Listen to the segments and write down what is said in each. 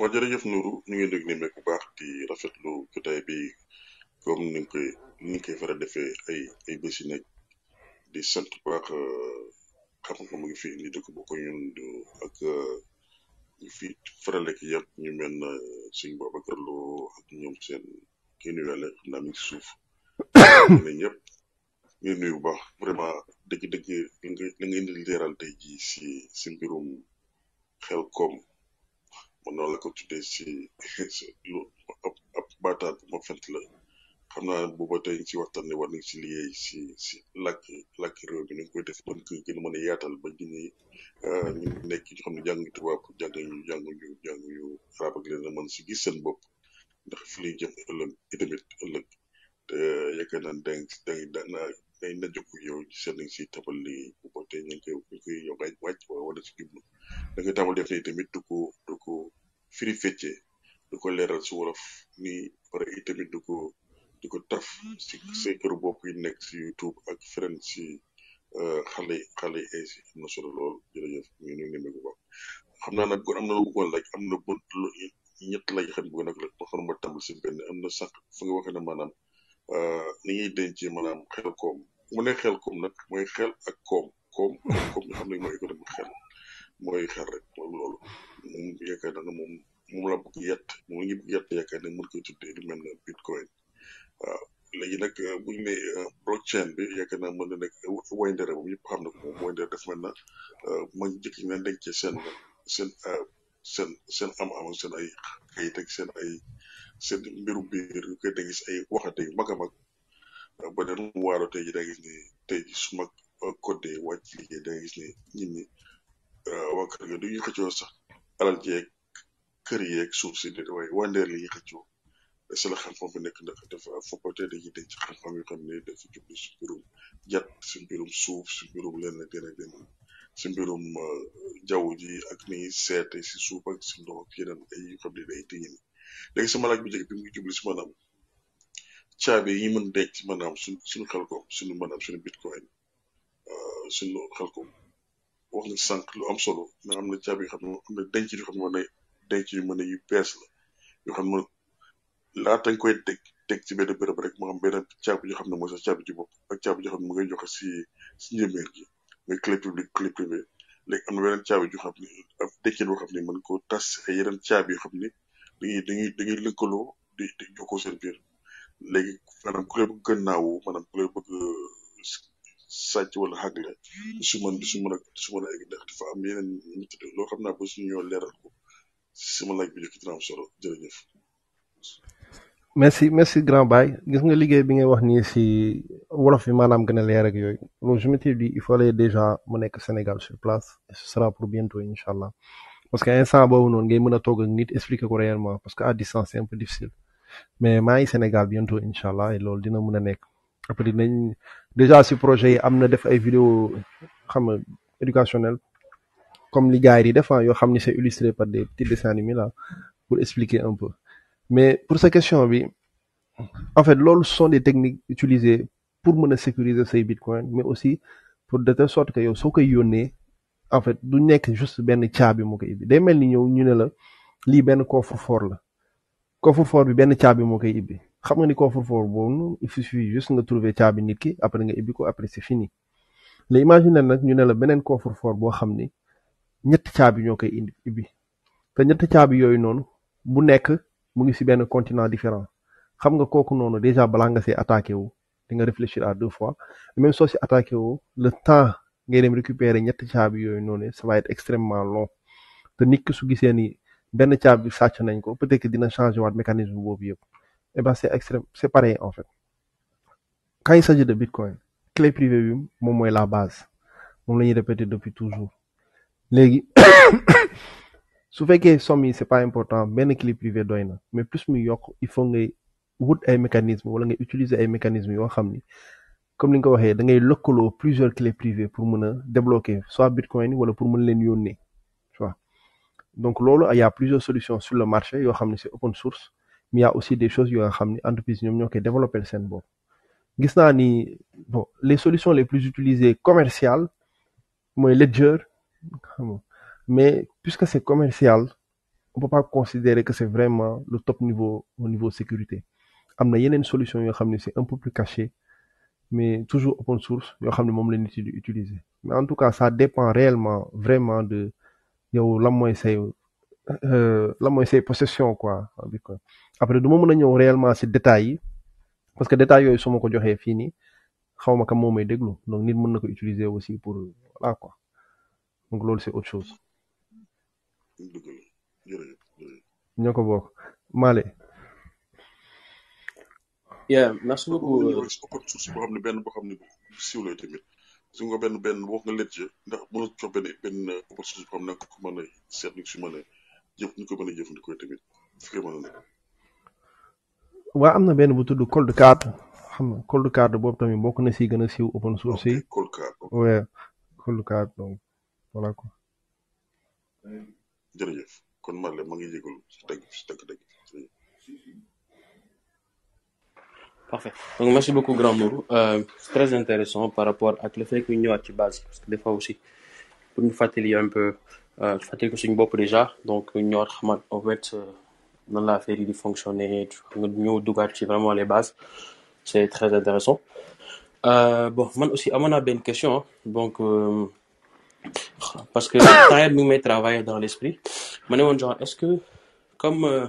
waaw jërëjëf Nourou ñu ngi dégg ni meek bu baax di rafetlu jotaay bi comme ni nga koy ni nga koy faral defee ay ay bés yi nekk di sant bu baax xam-xam euh, ngi fi indi dëkk bu ko ñun ak euh, ñu fi faral ak yëpp ñu mel na euh, suñ Babacar Lo ak ñoom seen kii nu yàlla xam naa mi ngi suuf ne ñëpp ñu nuyu bu baax vraiment dëgg-dëgg li nga li nga indi leeral tey jii si si mbirum xel koom man noonu la ko tuddee si ab a bu ma fent la xam naa booba tey ci waxtaan ne war na si liggéey si si làkk làkk réew mi ni koy def ban ko gën a mën a yaatal ba ñu euh, ne ñu nekk ñu xam ne jànguñu tubaab jànguñu jànguñu jànguñu arab ak leen si gis seen bopp ndax fi lañ jëm ëllëg itamit ëllëg te yaakaar naa da da dañ na si tabal li booba tey ñu ngi koy ñu koy yow ay wàcc wala si jublu tabal def ne tamit du firi feccee du ko leeral si wolof nii pare itamit du ko di ko taf si say këru bopp yi nekk si YouTube ak feneen si euh, xale xale yi ay si am na solo lool jërëjëf ñu ngi nemmeeku ko xam naa nag kon am na lu bëggoon ñet am na bu ñett laaj xam bëggoon nag la xam ma tàmbali si benn am na sax fu nga waxee ne maanaam euh, ni ñuy dencee maanaam xel koom mu ne xel koom nag mooy xel ak koom koom xam ne mooy économie xel mooy xel rek. moom yaakaar naa ne moom moom la bëgg yett moom la ñu bëgg yett yaakaar ne mën koy tuddee lu mel ne bitcoin waaw léegi nag euh, bu ñu nee euh, blockchain bi yaakaar na nekk euh, woyndere boobu ñëpp xam na ko moom woyndere na ma njëkk ñu leen dencee seen seen seen seen am-am seen ay kayit teg seen ay seen mbiru biir yu koy da gis ay waxate yu mag ba neen mu waaroo tey ji da gis ni tey ji su mag code wàcc liggéey da gis ni ñit du ñu sax alal jeeg kër suuf si waaye waa ndeer la ñuy xëccoo si la xam-xam bi nekk nag dafa fokkate dañuy denc xam-xam yoo xam ne dafa jublu si mbirum jat si mbirum suuf si mbirum lenn gën a gën si mbirum euh, jaww ji ak ni seete si suuf ak si ndox ak yeneen ay yoo xam ne day tiñin léegi sama laaj bu njëkk bi muy jublu si maanaam caabi yi mën denc maanaam suñ suñu xelkom suñu maanaam suñu bitcoin euh, suñu wax na sànq lu am solo ma am na caabi xam ne na denc yoo xam ne mën a denc yu mën a yu bees la yoo xam ne laata koy teg teg ci benn béréb rek mo am benn caabi yoo xam ne mooy sax caabi ci bopp ak caabi xam ne mu ngay joxe si si njëmeer gi mooy clé publique clé privé am na beneen caabi yoo xam ne ak dencin boo xam ne mën koo tas ay yeneen caabi yoo xam ne dañuy dañuy lëkkaloo di di jokkoo seen biir léegi maanaam ku leen sàcc wala xagle du si du si mën a du si mën a egg ndax dafa ba suñu ñëw leeral ko si sama laaj bi njëkk dina am solo jërëjëf. merci merci grand baay gis nga liggéey bi ngay wax nii si wolof bi maanaam gën leer ak yooyu loolu je m'étais dit il fallait déjà mu nekk Sénégal sur place et ce sera pour bientôt incha allah parce que instant boobu noonu ngay a toog ak nit ko réellement parce que à distance c'est un peu difficile mais maa ngi Sénégal bientôt incha allah et loolu dina mën a nekk déjà si projet yi am na def ay vidéo xam nga éducationnel comme li gars yi di def ah, yoo xam ni c'est illustré par des petits dessins animés là pour expliquer un peu mais pour sa question bi en fait loolu sont des techniques utilisées pour mën a sécuriser say bitcoin mais aussi pour de telle sorte que yow soo koy yónnee en fait du nekk juste benn caabi moo koy ibbi day mel ni ñëw ñu ne la lii benn coffre-fort la coffre-fort bi benn caabi moo koy ibbi. xam nga ni coffre-fort boobu noonu il suffit juste nga trouver caabi nit ki nga ibbi ko après fini mais imagine nag ñu ne la beneen coffre-fort boo xam ni ñetti caabi ñoo koy indi ibbi ñetti caabi yooyu noonu bu nekk mu ngi ci benn continent différent xam nga kooku noonu déjà balaa nga see attaqué wu di nga réfléchir à deux fois même soo si attaqué wu le temps ngay dem récupérer ñetti caabi yooyu noonu ça va être extrêmement long te nit ki su gisee ni benn caabi sàcc nañ ko peut-être que dina changer waat mécanisme boobu yëpp. eh ben c'est extrême c'est pareil en fait quand il s'agit de bitcoin clé privée bi moom mooy la base moom la ñuy répété depuis toujours léegi su fekkee somme yi c'est pas important benn clé privée doy na mais plus muy yokk il faut ngay wut ay mécanismes wala ngay utiliser ay mécanismes yoo xam ni comme ni nga ko waxee da ngay lëkkaloo plusieurs clés privées pour mën a débloquer soit bitcoin wala pour mën leen yónnee tu donc loolu il y a plusieurs solutions sur le marché yoo xam ne c'est open source mais aussi des choses yoo nga xam ne entreprise ñoom ñoo koy développé seen bopp gis naa ni bon les solutions les plus utilisées commerciales mooy Ledger mais puisque c'est commerciale on peut pas considérer que c'est vraiment le top niveau au niveau sécurité am na yeneen solution yoo xam ne c'est un peu plus caché mais toujours open source yoo xam ne moom la nit di utiliser mais en tout cas ça dépend réellement vraiment de yow lan mooy say euh, lan mooy say possession quoi en après du ma mën a ñëw réellement si détails yi parce que détails yooyu su ma ko joxee fii nii xaw ma kam moo may déglu donc nit mën na ko utiliser aussi pour voilà quoi donc loolu c'est autre chose. ñoo ko bokk Male. bien merci beaucoup. Euh, open source boo xam ne benn benn benn wax ko si mën a waa am na benn bu tudd cold card xam nga card boobu tamit bokk na si gën a siiw open source yi. cold card waaw cold card donc voilà quoi. jërëjëf kon Marley ma ngi jégalu si si euh, par rapport ak le ci base parce que des fois aussi pour ñu fàttali un peu euh, fàttali ko suñu bopp déjà donc ñëwaat xamaat en fait. Euh, noonu la affaire yi di fonctionner nga ñëw dugaat ci vraiment les bases c'est très intéressant euh, bon man aussi amoon naa benn question donc euh, parce que temps mi ngi may travailler dans l'esprit ma ne woon genre est-ce que comme euh,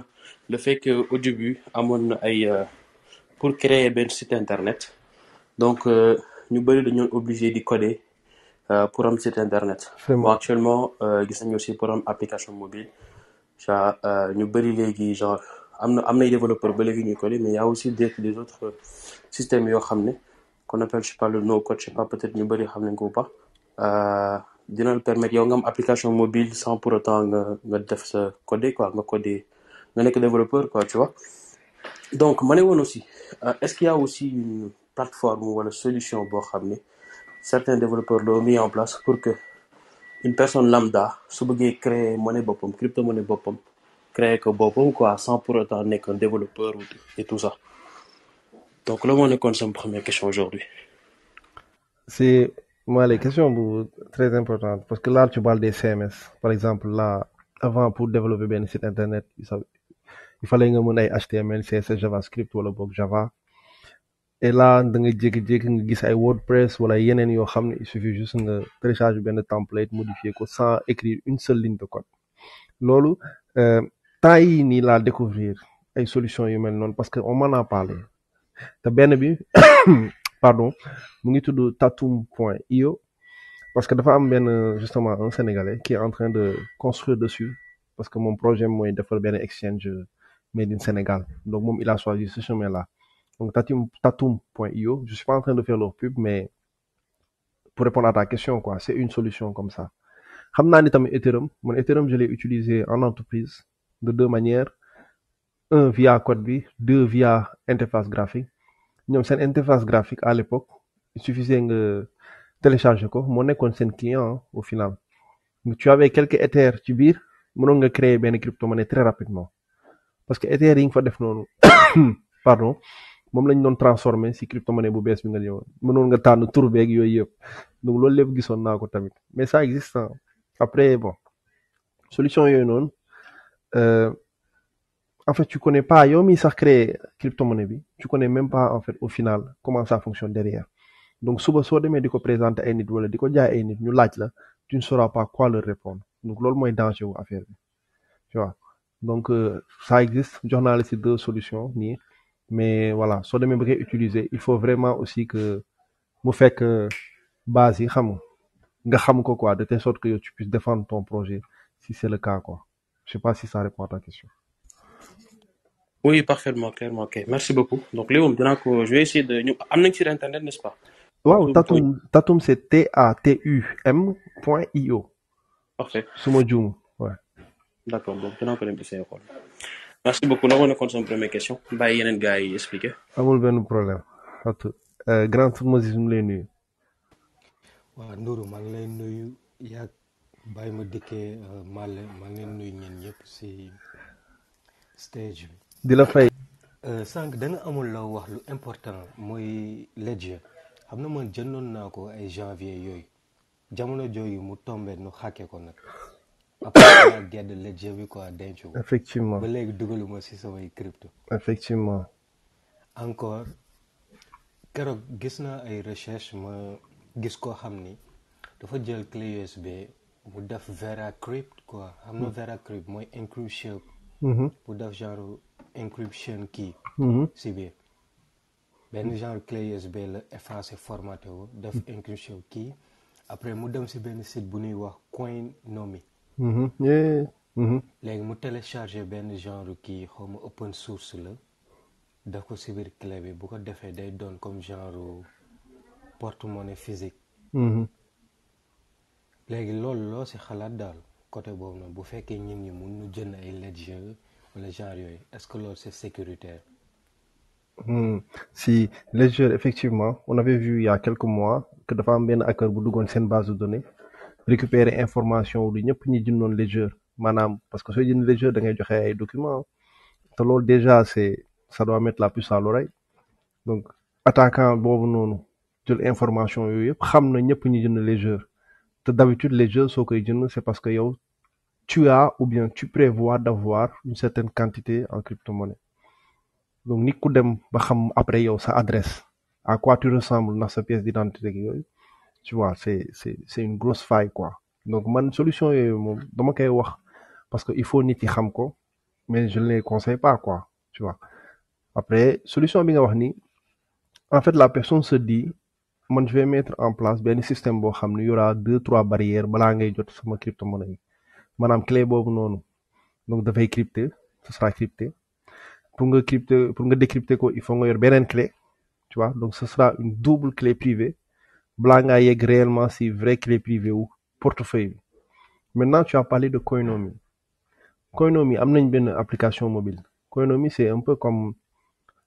le fait que au début amoon na ay pour créer benn site internet donc ñu bëri dañoon obligé di coder pour am site internet. Bon, actuellement gis nañu aussi pour am application mobile. Euh, ñu bëri léegi genre am na am nay développeur ba léegi ñuy coder mais y a aussi des des autres euh, systèmes yoo xam ne qu'on appelle je sais pas le no code je sais ñu bëri xam nañ ko ou pas euh, dina la permettre yow nga am application mobile sans pour autant nga nga def sa codé quoi nga codé nga nekk développeur quoi tu vois donc ma ne woon aussi est-ce qu'il y aussi une plateforme wala solution boo xam ne certains développeurs l'ont mis en place pour que une personne lambda su bëggee créer monnaie boppam crypto monnaie boppam créer ko boppam quoi sans pour autant nekk un développeur et tout ça donc loolu moo nekkoon sama première question aujourd'hui c'est moi les questions bu très importante parce que là tu parles des CMS par exemple là avant pour développer benn site internet il fallait nga mën ay HTML CSS JavaScript wala boog Java et là da nga jékki-jékki nga gis ay WordPress wala yeneen yoo xam ne il suffit juste nga télécharge benn template modifier ko sans écrire une seule ligne de code loolu euh, temps yi nii laa découvrir ay solutions yu mel noonu parce que on m'en a parlé te benn bi pardon mu ngi tudd Tatoum point io parce que dafa am benn justement un sénégalais qui en train de construire dessus parce que mon projet mooy defar benn exchange mais in Sénégal donc moom il a choisi ce chemin là Donc Tatum.io, Tatum je suis pas en train de faire leur pub, mais pour répondre à ta question, quoi, c'est une solution comme ça. Ethereum, mon moon je l'ai utilisé en entreprise de deux manières. Un via bi deux via interface graphique. Nous avons une interface graphique à l'époque. Il suffisait de télécharger quoi. Mon est client au final. Mais tu avais quelques Ethers, tu bires, mënoon nga créer benn crypto-monnaie très rapidement parce que Ether yi moom lañ doon transformé si cryptomonnaie bu bees bi nga ñëwoon mënoon nga tànn tur beeg yooyu yëpp donc loolu lépp gisoon naa ko tamit mais ça existe après bon solution yooyu noonu euh, en fait tu connais pas yow mii sax créé cryptomonnaie bi tu connais même pas en fait au final comment ça fonctionne derrière donc suba soo demee di ko présenter ay nit wala di ko jaay ay nit ñu laaj la tu ne sauras pas quoi leur répondre donc loolu mooy danger wu affaire bi euh, jox naa la si deux solutions mais voilà soo demee ba utiliser il faut vraiment aussi que mu fekk base yi xam nga xam ko quoi de te sorte que yow tu puisses défendre ton projet si c'est le cas quoi je sais pas si ça répond à ta question. oui parfaitement clairement ok merci beaucoup donc léegi moom dinaa ko je vais de ñu am nañ sur internet n'est-ce pas. waaw Tatoum Tatoum c'est T A point I O. parfait su ma juum waaw. d'accord donc dinaa ko dem essayer xool. merci beaucoup nangoon na kon sama première question bàyyi yeneen gars yi expliqué. amul benn problème at euh, grand Moses mu lay nuyu. waaw Ndour maa ngi lay nuyu yaag bàyyi ma dikkee euh, Malle maa ngi leen nuyu ñeen ñëpp si stage bi. di la fay. Euh, sànq da amul la wax lu important mooy ledger xam na man jëndoon naa ko ay janvier yooyu jamono jooyu mu tombé nu xàkkee ko nag. après gedd ledger bi quoi denc ko effectivement ba léegi dugaluma si samay crypto effectivement encore keroog gis naa ay recherche ma gis koo xam ni dafa jël clé USB mu def Veracrypt quoi xam na mm. Veracrypt mooy encryption mm-hmm. mu def genre encryption key mm-hmm. si biir benn genre clé USB la effacé formaté wu def mm. encryption kii après mu dem si benn site bu ñuy wax Coinomi Mm-hmm. Mm-hmm. léegi mu téléchargé benn genre kii xaw ma open source la daf ko si biir clé bi bu ko defee day doon comme genre porte-monnaie physique. Mm-hmm. léegi loolu loo si xalaat daal côté boobu nag bu fekkee ñun ñi mun nu jën ay ledger wala genre yooyu est-ce que loolu c'est sécuritaire. Mmh. Si Ledger, effectivement, on avait vu il y a quelques mois que de femmes bien à cœur, vous base de données. récupérer information lu ñëpp ñi jëndoon les jeux maanaam parce que sooy jënd na jeux da joxe ay documents te loolu déjà c'est ça doit mettre la puce à l'oreille donc attaquant boobu noonu jël information yooyu yëpp xam na ñëpp ñi jënd les jeux te d'habitude les jeux soo koy jënd c'est parce que yow tu as ou bien tu prévois d'avoir une certaine quantité en crypto-monnaie donc nit ku dem ba xam après yow sa adresse à quoi tu ressembles ndax sa pièce d'identité yooyu tu vois c'est c'est c'est une grosse faille quoi donc man solution yooyu moom dama koy wax parce que il faut nit yi xam ko mais je ne les conseille pas quoi tu après solution bi nga wax ni en fait la personne se di man je mettre en place benn système boo xam ne y aura deux trois barrières balaa ngay jot sama cryptomonnaie yi maanaam clé boobu noonu donc dafay crypté ce sera crypté pour nga crypté pour nga décrypter ko il faut nga yor beneen clé tu vois donc ce sera une double clé privée Blanga est réellement si vrai qu'il est privé wu portefeuille bi maintenant tu as parlé de Coinomi Coinomi am nañ benn application mobile Coinomi est un comme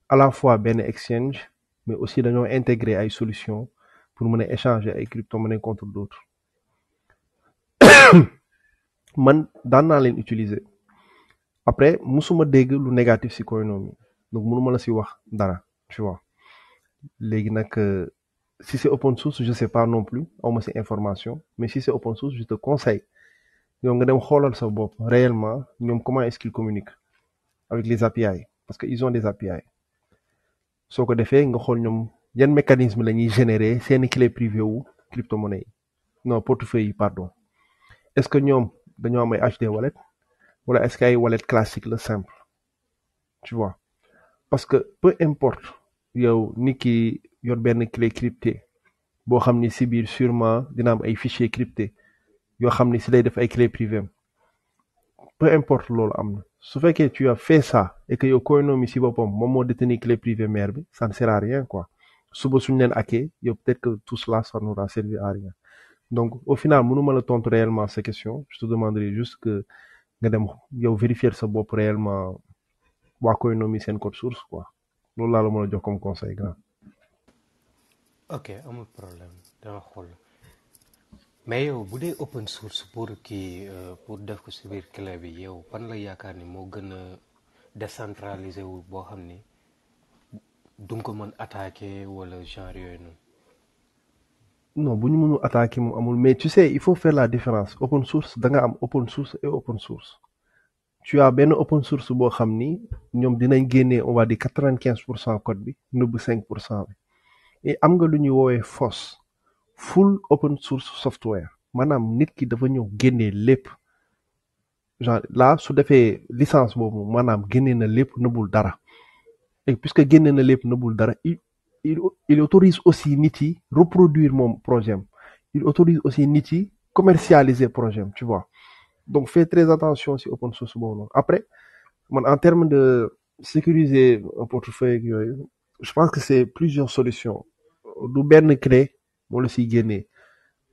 à la fois benn exchange mais aussi dañoo intégrer ay solution pour mën a échanger ay crypto-monnaie contre d' autres man daan naa leen utiliser après musuma dégg lu négatif si Coinomi donc mënuma la si wax dara léegi nag. Euh, si c'est open source je sais pas non plus aw ma si information mais si c'est open source je te conseille ñoom nga dem xoolal sa bopp réellement ñoom comment est-ce qu'ils communiquent avec les API parce que ils ont des API soo ko defee nga xool ñoom yan mécanisme la ñuy générer seeni clé privée wu crypto-monnaie yi non portefeuille yi pardon est-ce que ñoom dañoo am ay HD wallet wala est-ce que ay wallet classique la simple tu parce que peu importe yow nit ki yor benn clé cryptée boo xam ni si biir sûrement dina am ay fichier crypté yoo xam ni si lay def ay clé privée peu importe loolu am na su fekkee tu as fait ça et que yow si boppam moom moo détenir clé privée mère bi ça ne sert à rien quoi suba suñu leen hacké yow peut-être que tout cela ça n'aura servi à rien donc au final mënuma la tontu réellement ces questions je te demanderai juste que nga dem yow vérifier sa bopp réellement waa Coinomi seen code source quoi loolu laa la mën a jox comme conseil grand. ok amul problème dama xool mais yow bu dee open source pour kii euh, pour def ko si biir clé bi yow pan la yaakaar ni moo gën a décentralisé wu boo xam ni du man ko mën wala genre yooyu noonu. bu ñu mënul attaqué moom amul mais tu sais il faut faire la différence open source da nga am open source et open source. tu as benn open source boo xam ni ñoom dinañ génnee on va dire quatre vingt pour cent code bi nëbb cinq pour cent bi et am nga lu ñuy woowee FOS full open source software maanaam nit ki dafa ñëw génnee lépp genre là su defee licence boobu maanaam génnee na lépp nëbbul dara et puisque génnee na lépp nëbbul dara il il autorise aussi nit yi reproduire moom projet am il autorise aussi nit yi commercialiser projet am tu vois donc fais très attention si open source boobu noonu après man en terme de sécuriser un yooyu je pense que c'est plusieurs du benn clé moo la siy génnee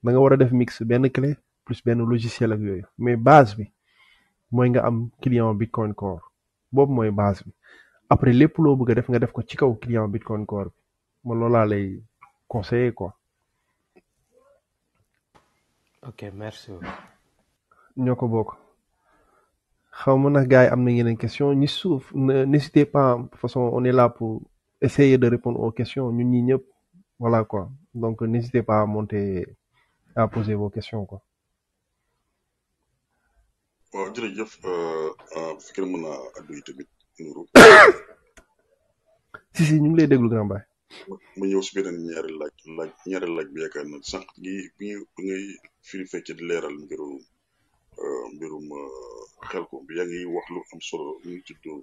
nga war a def mix benn clé plus benn logiciel ak yooyu mais base bi mooy nga am client Bitcoin Core boobu mooy base bi après lépp loo bëgg a def nga def ko ci kaw client Bitcoin Core bi man loolaa lay conseiller quoi ok merci beaucoup ñoo ko bokk xaw ma nag gars yi am na yeneen question ñi suuf n'hésitez pas façon on est là pour essayer de répondre aux questions ñun ñi ñëpp voilà quoi donc n'hésitez pas à monter à poser vos questions quoi waaw jërëjëf euh, euh, bu fekkee ne mën naa addu tamit si si ñu ngi lay déglu grand baay ma ñëw si beneen ñaari laaj laaj ñaari laaj bi gi bi ngay firi fekkee di leeral mbiru Euh, mbirum euh, xelkom bi ngi wax am solo lu ñu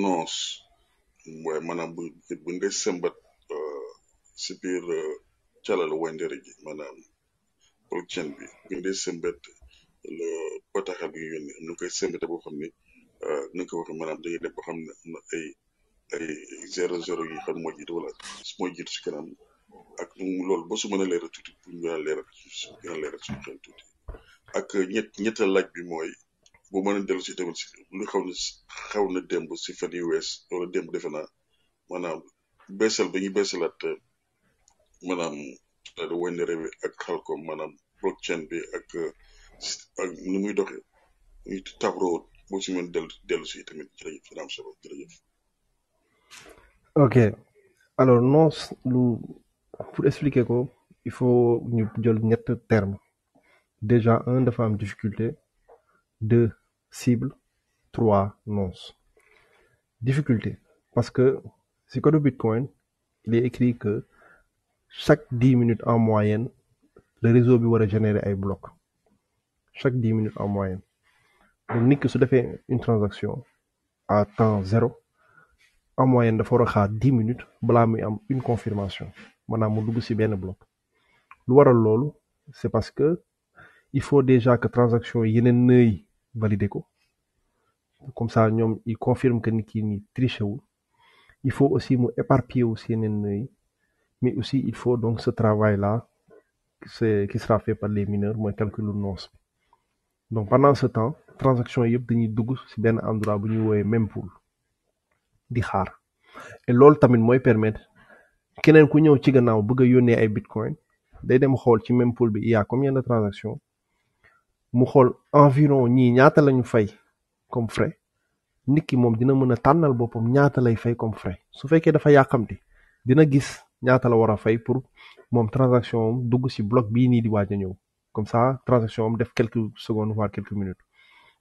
noos waaye maanaam bu bu ngay sëmbat euh, si biir calal wandere gi maanaam blockchain bi bu ngay sëmbat le bataaxal bi ñu yónnee ñu koy sëmbate boo xam ne nu ko waxee maanaam dañuy def boo xam ne ay ay zéro yi xam moo wala moo si kanam ak loolu ba su mën a leeral tuuti pour ñu gën a leeral gën a leeral suñu xel ak ñett ñettal laaj bi mooy bu mën a dellu si tamit lu xaw xaw na démb si fan yu wees wala démb defe na maanaam beesal ba ñu beesalaat maanaam Wandera bi ak Qualcomm maanaam blockchain bi ak ak nu muy doxee ñu tabroo boo si mën dellu dellu si tamit jërëjëf dina ok alors non lu pour expliquer ko il faut ñu jël ñett terme Déjà un dafa am difficulté deux cible trois nonce difficulté parce que si code Bitcoin il est écrit que chaque dix minutes en moyenne le réseau bi war a générer ay blocs chaque dix minutes en moyenne donc nit ki su defee une transaction à temps zéro en moyen dafa war a xaar dix minutes balaa muy am une confirmation maanaam mu dugg ci benn bloc lu waral loolu c'est parce que il faut déjà que transaction yeneen nëy valider ko comme ça ñoom il confirme que ni kii nii triché wul il faut aussi mu éparpiller wu si yeneen nëy mais aussi il faut donc ce travail là c'est qui sera fait par les mineurs mooy calculu nonce bi donc pendant ce temps transaction yëpp dañuy dugg si benn endroit bu ñuy woowee même pool di xaar et loolu tamit mooy permettre keneen ku ñëw ci gannaaw bëgg a yónnee ay bitcoin day dem xool ci même pool bi il y a combien mu xool environ ñii ñaata lañu fay comme frais nit ki moom dina mën a tànnal boppam ñaata lay fay comme frais su fekkee dafa yàkkamti dina gis ñaata la war a fay pour moom transaction am dugg ci bloc bii nii di waaj a ñëw comme ça transaction am def quelques secondes voire quelques minutes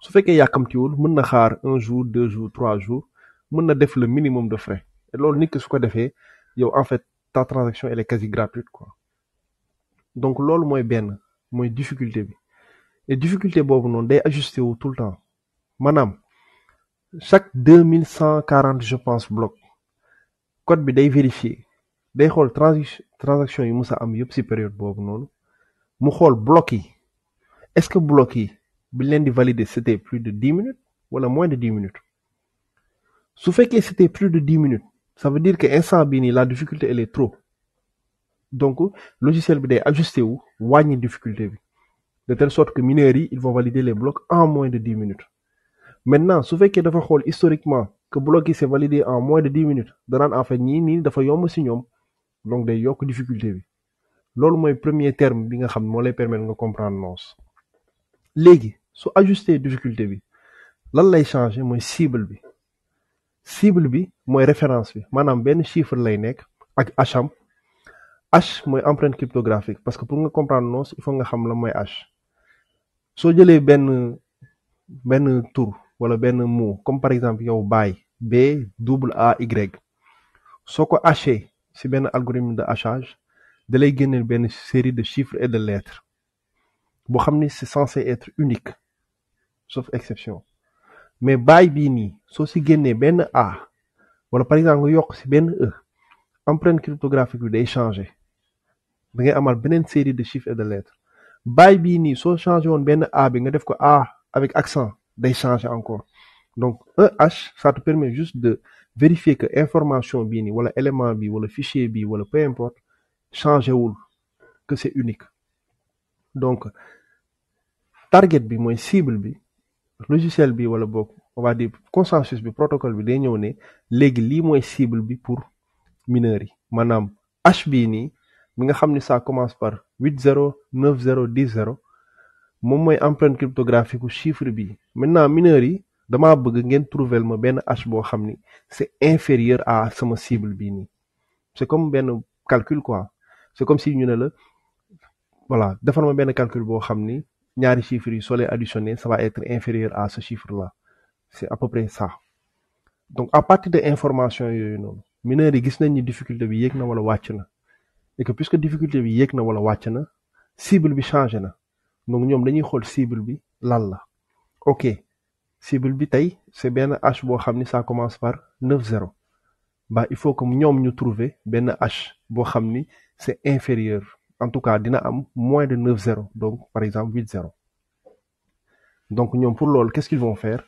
su fekkee yàkkamtiwul mën na xaar un jour deux jours trois jours mën na def le minimum de frais loolu nit su ko defee yow en fait ta transaction elle est quasi gratuite donc loolu mooy benn mooy difficulté bi et difficulté boobu noonu day ajusté wu tout le temps maanaam chaque deux mille cent quarante je pense bloc code bi day vérifier day xool transaction transaction yi mus a am yëpp ci période boobu noonu mu xool bloc yi est-ce que bloc yi biñ leen di valider c'était plus de dix minutes wala moins de dix minutes su fekkee c'était plus de dix minutes ça veut dire que instant bii nii la difficulté elle est donc logiciel bi day ajusté wu wàññi difficulté bi de telle sorte que mineurs yi ils vont valider les blocs en moins de dix minutes maintenant su fekkee dafa xool historiquement que bloc yi c'est validé en moins de dix minutes danaan en fait ñii nii dafa yomb si ñoom donc day yokk difficulté bi loolu mooy premier terme bi nga xam moo lay permettre nga comprendre nonce léegi su ajuster difficulté bi lan lay changer mooy cible bi cible bi mooy référence bi maanaam benn chiffre lay nekk ak H am H mooy empreinte cryptographique parce que pour nga nga xam la mooy H soo jëlee benn benn tur wala benn mot comme par exemple yow baay b double a y soo ko haché si benn algorithme de hachage da lay génneel benn série de chiffres et de lettres boo xam ni c'est censé être unique sauf exception mais baay bii nii soo si génnee benn a wala par exemple nga yokk si benn e empreinte cryptographique bi day changé da ngay amal beneen série de chiffres et de lettres bail bii nii soo changé woon benn A bi nga def ko A avec accent day changé encore donc un e H ça te permet juste de vérifier que information bii nii wala élément bi wala fichier bi wala peu importe changé wul que c'est unique donc target bi mooy cible bi logiciel bi wala boog on va dire consensus bi protocole bi day ñëw ne léegi lii mooy cible bi pour mineurs yi maanaam H bii nii. mi nga xam ni ça commence par huit zéro neuf zéro dix zero moom mooy empreinte cryptographique u chiffre bi maintenant mineurs yi damaa bëgg ngeen trouver ma benn hash boo xam ni c'est inférieur à sama cible bii nii c'est comme benn calcule quoi c'est comme si ñu ne la voilà defar ma benn calcul boo xam ni ñaari chiffres yi soo leen additionné ça va inférieur à ce chiffre là c'est à peu près ça donc à partir de information yooyu noonu mineurs yi gis nañ ni difficulté bi yéeg na wala wàcc na et que puisque difficulté bi yéeg na wala wàcc na cible bi changé na donc ñoom dañuy xool cible bi lan la ok cible bi tey c'est benn H boo xam ni ça commence par neuf zéro ba il faut que ñoom ñu trouver benn H boo xam ni c'est inférieur en tout cas dina am moins de neuf zéro donc par exemple huit zéro donc ñoom pour loolu qu'est-ce qu'ils vont faire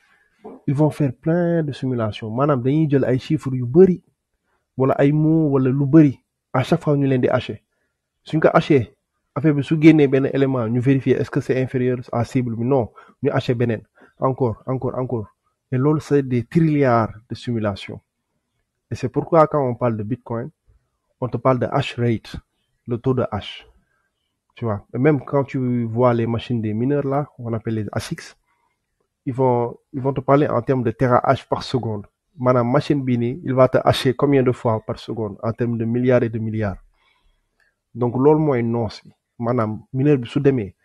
ils vont faire plein de simulations maanaam dañuy jël ay chiffres yu bari wala ay mots wala lu bari à chaque fois ñu leen di haché suñ ko haché affaire bi su génnee benn élément ñu vérifier est-ce que c'est inférieur à cible bi non ñu haché beneen encore encore encore et loolu c'est des trilliards de simulations et c'est pourquoi quand on parle de bitcoin on te parle de hash rate le taux de hash tu vois et même quand tu vois les machines des mineurs là on appelle les ASICs ils vont ils vont te parler en termes de terahash par seconde maanaam machine bii nii il va te hacher combien de fois par seconde en termes de milliards et de milliards donc loolu mooy noos bi maanaam mineur bi su demee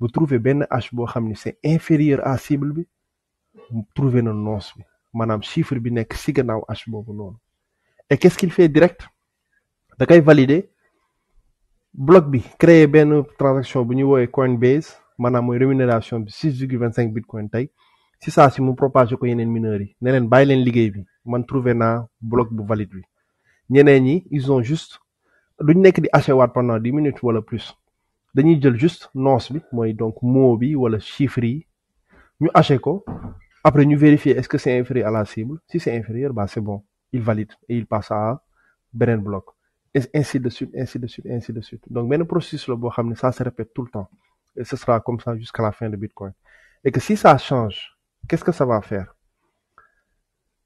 bu trouver benn hache boo xam ni c'est inférieur à cible bi trouver na noos bi maanaam chiffre bi nekk si gannaaw hache boobu noonu et qu'est-ce qu'il fait direct da koy valider bloc bi créer benn transaction bu ñuy woowee Coinbase maanaam mooy rémunération bi six virgule vingt cinq bitcoin tey si saa si mu propagé ko yeneen mineurs yi ne bàyyi leen liggéey bi man trouvé naa bloc bu valide bi ñeneen ñi ils ont juste ñu nekk di haché waat pendant dix minutes wala plus dañuy jël juste nonce bi mooy donc mot bi wala chiffre yi ñu ache ko après ñu vérifier est-ce que c'est inférieur à la cible si c'est inférieur bah c'est bon il valide et il passe à beneen bloc et ainsi de suite ainsi de suite donc benn processus la boo xam ne ça se répète le temps et ce sera fin de Bitcoin et qu'est-ce que ça va faire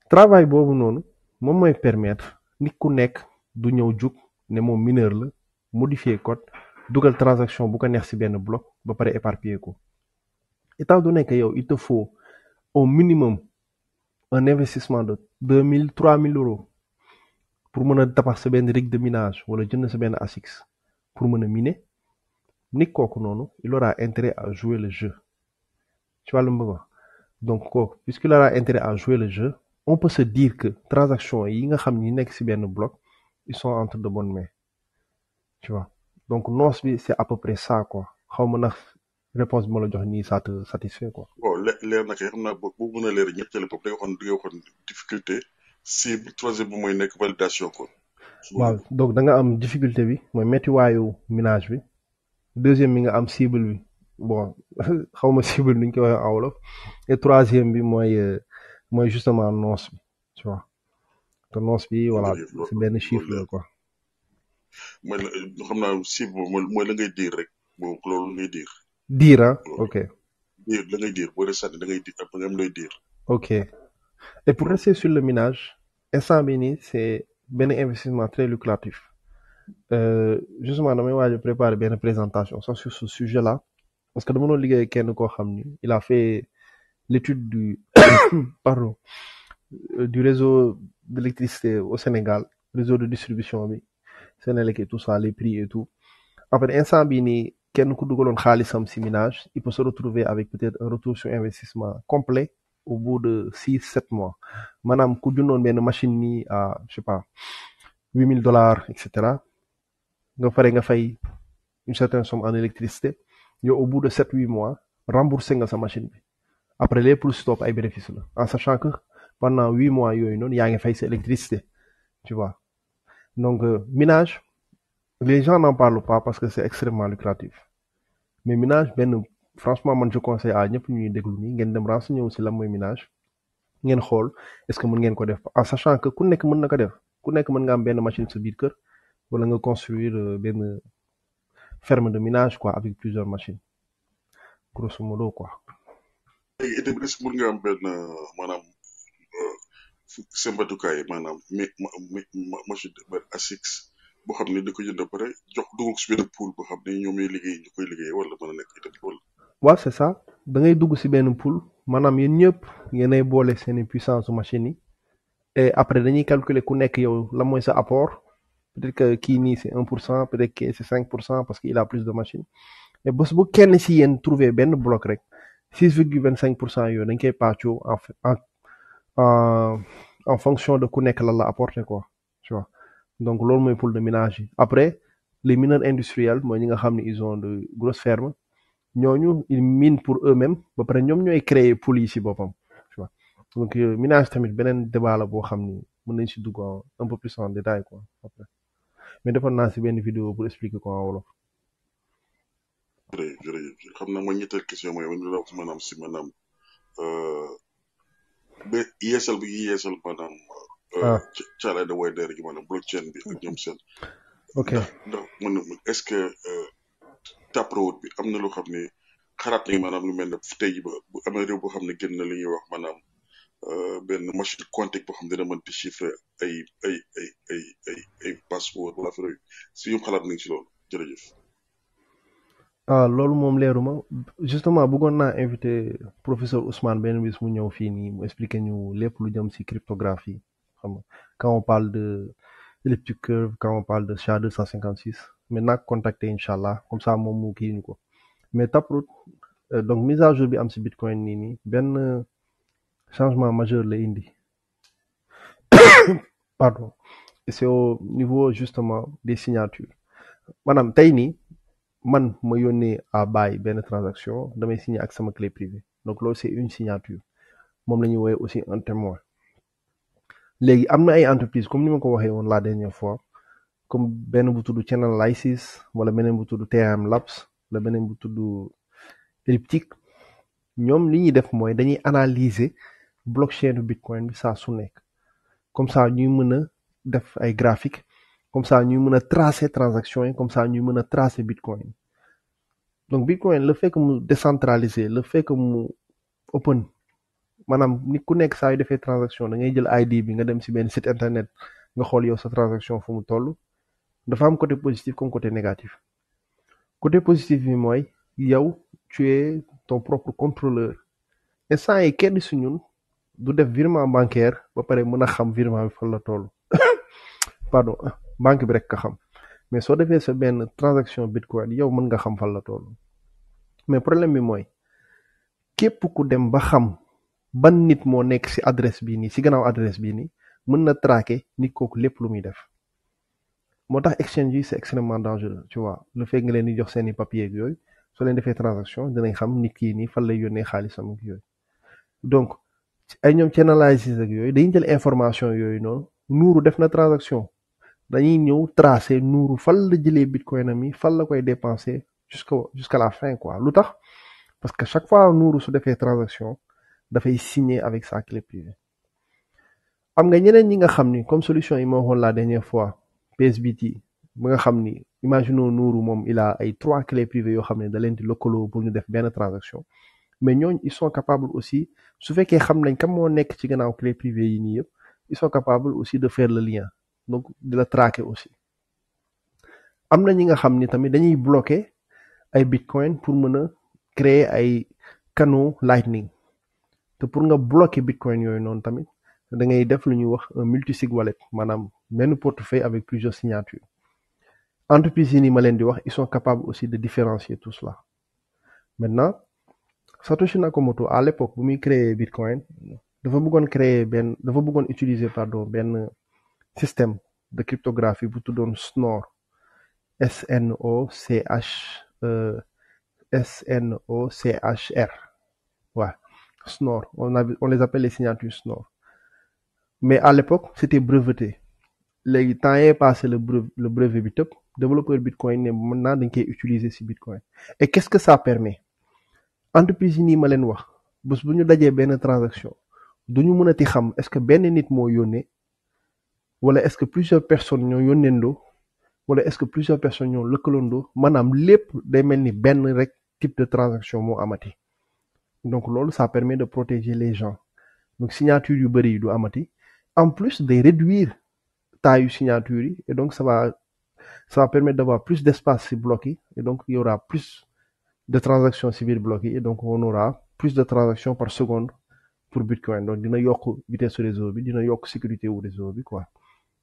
travail boobu noonu moom mooy permettre nit ku nekk du ñëw jug ne moom mineur la modifier code dugal transaction bu ko neex si benn bloc ba pare éparpiller ko étant donné que yow il te faut au minimum un investissement de deux mille trois mille euros pour mën a tabax sa benn rig de minage wala jënd sa benn ASICS pour mën a miner nit kooku noonu il aura intérêt à jouer le jeu ci wàllu bëgg donc kooku puisqu'il aura intérêt à jouer le jeu on peut se dire que transaction yi nga xam ni nekk ci benn bloc ils sont entre de bon mains donc noos bi c'est à peu près ça quoi xaw ma nag réponse bi ma jox nii ça te satisfait quoi. bon leer na kay mooy nekk validation quoi. waaw donc da nga am difficulté bi mooy méttiwaayu minage bi deuxième bi nga am cible bi. bon xaw ma cible nuñ koy waxee en bi mooy euh, mooy justement nonce bi tu vois te nonce bi voilà chiffre la mooy la xam naa cible mooy la ngay diir rek moom loolu la ngay diir boo dee sànni diir da nga am diir. ok et pour rester sur le minage instant bi nii c'est benn investissement très lucratif euh, justement damay waaj a préparer benn présentation sax sur ce sujet là. parce que dama doon liggéey kenn koo xam ni il a fait l'étude du pardon euh, du réseau d'électricité au Sénégal réseau de distribution bi Sénélec et tout ça les prix et tout après instant bii nii kenn ku dugaloon xaalisam si minage il peut se retrouver avec peut-être un retour sur investissement complet au bout de six sept mois maanaam ku jundoon benn machine nii à je pas huit mille dollars et cetera nga pare nga fay une certaine somme en électricité yow au bout de sept huit mois remboursé nga sa machine bi après lépp lu si ay bénéfice la en sachant que pendant huit mois yooyu noonu yaa ngi fay sa électricité tu donc euh, minage les gens n'en parlent pas parce que c'est extrêmement lucratif mais minage benn franchement man je conseil à ñëpp ñuy déglu nii ngeen dem renseigner ñëw si lan mooy minage ngeen xool est-ce que mën ngeen ko def en sachant que ku nekk mën na ko def ku nekk mën nga am benn machine sa biir kër wala nga construire euh, benn ferme de ménage quoi avec plusieurs machines grosso modo quoi. léegi itam est nga am benn maanaam euh, sëmbatukaay maanaam mi ma machine benn ASICS boo xam ne da ko jënd pare jox liggéey wala mën a nekk itam wala. waaw c'est ça da ngay dugg si benn pool maanaam yéen ñëpp yéenay boole seeni su machine yi et après dañuy calculer ku nekk yow la mooy sa apport. peut-être que kii nii c'est un pour cent peut-être que c'est pour cent parce qu'il a plus de machines mais bés bu kenn si yéen trouver benn bloc rek six virgule vingt cinq pour cent yooyu dañ koy pàccoo en en en fonction de ku nekk lan la apporter quoi tu donc loolu mooy pour de minage yi après les mineurs industriels mooy ñi nga xam ne ils ont de grosses fermes ñooñu ils minent pour eux-mêmes ba pare ñoom ñooy créer pool yi si boppam tu vois euh, minage tamit beneen débat la boo xam ni mën nañ si dugg un peu plus en détail quoi mais defoon naa si benn vidéo pour expliquer ko en wolof. jërëjëf jërëjëf xam naa mooy ñetteel question mooy maanaam si maanaam euh, ba yeesal bi ñuy yeesal maanaam. Euh, ah caalaa da way deer gi maanaam blockchain bi ak ñoom seen. ok ndax mën na ce que euh, taproot bi am na loo xam ne xalaat nañu maanaam lu mel ne tey ba bu amee boo xam ne génn na li ñuy wax maanaam. Euh, benn machine quantique boo xam ne dina mën di ay ay ay ay ay ay password si yu xalaat nañ si loolu jërëjëf. ah loolu moom leeruma justement bëggoon naa invité professeur Ousmane benn bis mu ñëw fii nii mu expliqué ñu lépp lu jëm si cryptographie xam nga quand on parle de elliptic de quand on parle mais naa ko contacté incha allah comme ça moom mu kii ñu ko mais Taproot euh, donc mise à jour bi am si bitcoin nii nii benn. changement majeur la indi pardon et c'est au niveau justement des signatures maanaam tey nii man ma yónnee à Baye benn transaction damay signer ak sama clé privée donc loolu c'est une signature moom la ñuy woowee aussi un témoin léegi am na ay entreprises comme ni ma ko waxee woon la dernière fois comme benn bu tuddu tudd Chainalysis wala beneen bu tuddu TM Labs la beneen bu tudd Elliptic ñoom li ñuy def mooy dañuy analyser blockchain bu bitcoin bi saa su nekk comme ça ñuy mën a def ay graphique comme ça ñuy mën a tracer transaction yi comme ça ñuy mën a tracer bitcoin donc bitcoin le fait que mu décentralisé le fekk mu open maanaam nit ku nekk saa yu defee transaction da ngay jël ID bi nga dem si benn site internet nga xool yow sa transaction fu mu toll dafa am côté positif comme côté négatif côté positif bi mooy yow tu es ton propre contrôleur instant yi kenn si ñun du def virement bancaire ba pare mën a xam virement bi fan la toll pardon banque bi rek ka xam mais soo defee sa benn transaction bitcoin yow mën nga xam fan la toll mais problème bi mooy képp ku dem ba xam ban nit moo nekk ci adress bii nii ci gannaaw adresse bii nii mën na traquer nit kooku lépp lu muy def moo tax exchange yi c'est extrêmement dangereux tu vois le fait nga leen di jox seeni papier ak yooyu soo leen defee transaction dinañ xam nit kii nii fan lay yónnee xaalisam yooyu ay ñoom ci analysis ak yooyu dañuy jël information yooyu noonu nuuru def na transaction dañuy ñëw tracé nuuru fan la jëlee bitcoin am yi fan la koy dépensé jusqu'à jusqu'à la fin quoi lu tax parce que chaque fois nuuru su defee transaction dafay signer avec sa clé privée am nga ñeneen ñi nga xam ni comme solution yi ma waxoon la dernière fois PSBT ba nga xam ni imaginons nuuru moom il ay trois clés privées yoo xam ne da leen di lëkkaloo pour ñu def benn transaction mais ñooñu ils sont capables aussi su fekkee xam nañ kan moo nekk ci gannaaw clé privée yi nii yëpp ils sont capables aussi de faire le lien donc di la traquer aussi am na ñi nga xam ni tamit dañuy bloquer ay bitcoin pour mën a créer ay canaux lightning te pour nga bloquer bitcoin yooyu noonu tamit dangay def lu ñuy wax un multisig wallet maanaam benn portefeuille avec plusieurs signatures entreprises yi ni ma leen di wax ils sont capables aussi de différencier tout cela maintenant Satoshi Nakamoto à l'époque bu muy créer Bitcoin dafa bëggoon créer benn dafa bëggoon utiliser pardon benn système de cryptographie bu tuddoon SNOR S O C H euh, S N O C H R waaw SNOR on a on les appelle les signatures SNOR mais à l'époque c'était breveté léegi temps yee passé le brevet le brevet bi tëb développeur Bitcoin ne maintenant dañ koy utiliser si Bitcoin et qu'est-ce que ça permet entreprise yi nii ma leen wax bés bu ñu dajee benn transaction du ñu mënati xam est-ce que benn nit moo yónnee wala est-ce que plusieurs personnes ñoo yónneendoo wala est-ce que plusieurs personnes ñoo lëkkaloondoo maanaam lépp day mel ni benn rek type de transaction moo amati donc loolu ça permet de protéger les gens donc signature yu bëri yi du amati en plus day réduire taille yu signature yi et donc ça va ça va permettre plus d'espace ci bloc donc il plus de transactions ci biir yi donc on aura plus de transactions par seconde pour Bitcoin donc dina yokk vitesse réseau bi dina yokk sécurité wu réseau bi quoi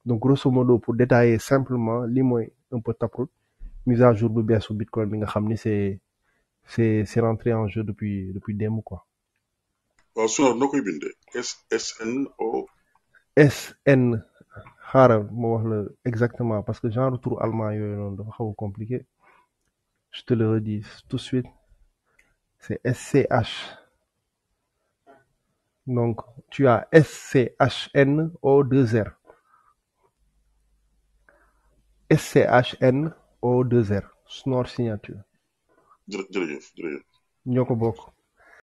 donc grosso pour détailler simplement li mooy un peu Taproot à jour bu beesu Bitcoin bi nga xam ni c'est c'est c'est rentré en jeu depuis depuis démb quoi. waaw Sonar noo koy bindee S O. S xaaral moo wax la exactement parce que genre tour allemand yooyu noonu dafa xaw a compliqué. Je te le redis tout suite, c'est SCH. Donc, tu as schno o r SCHNO2R, Snor signature. jërëjëf jërëjëf. ko bokk.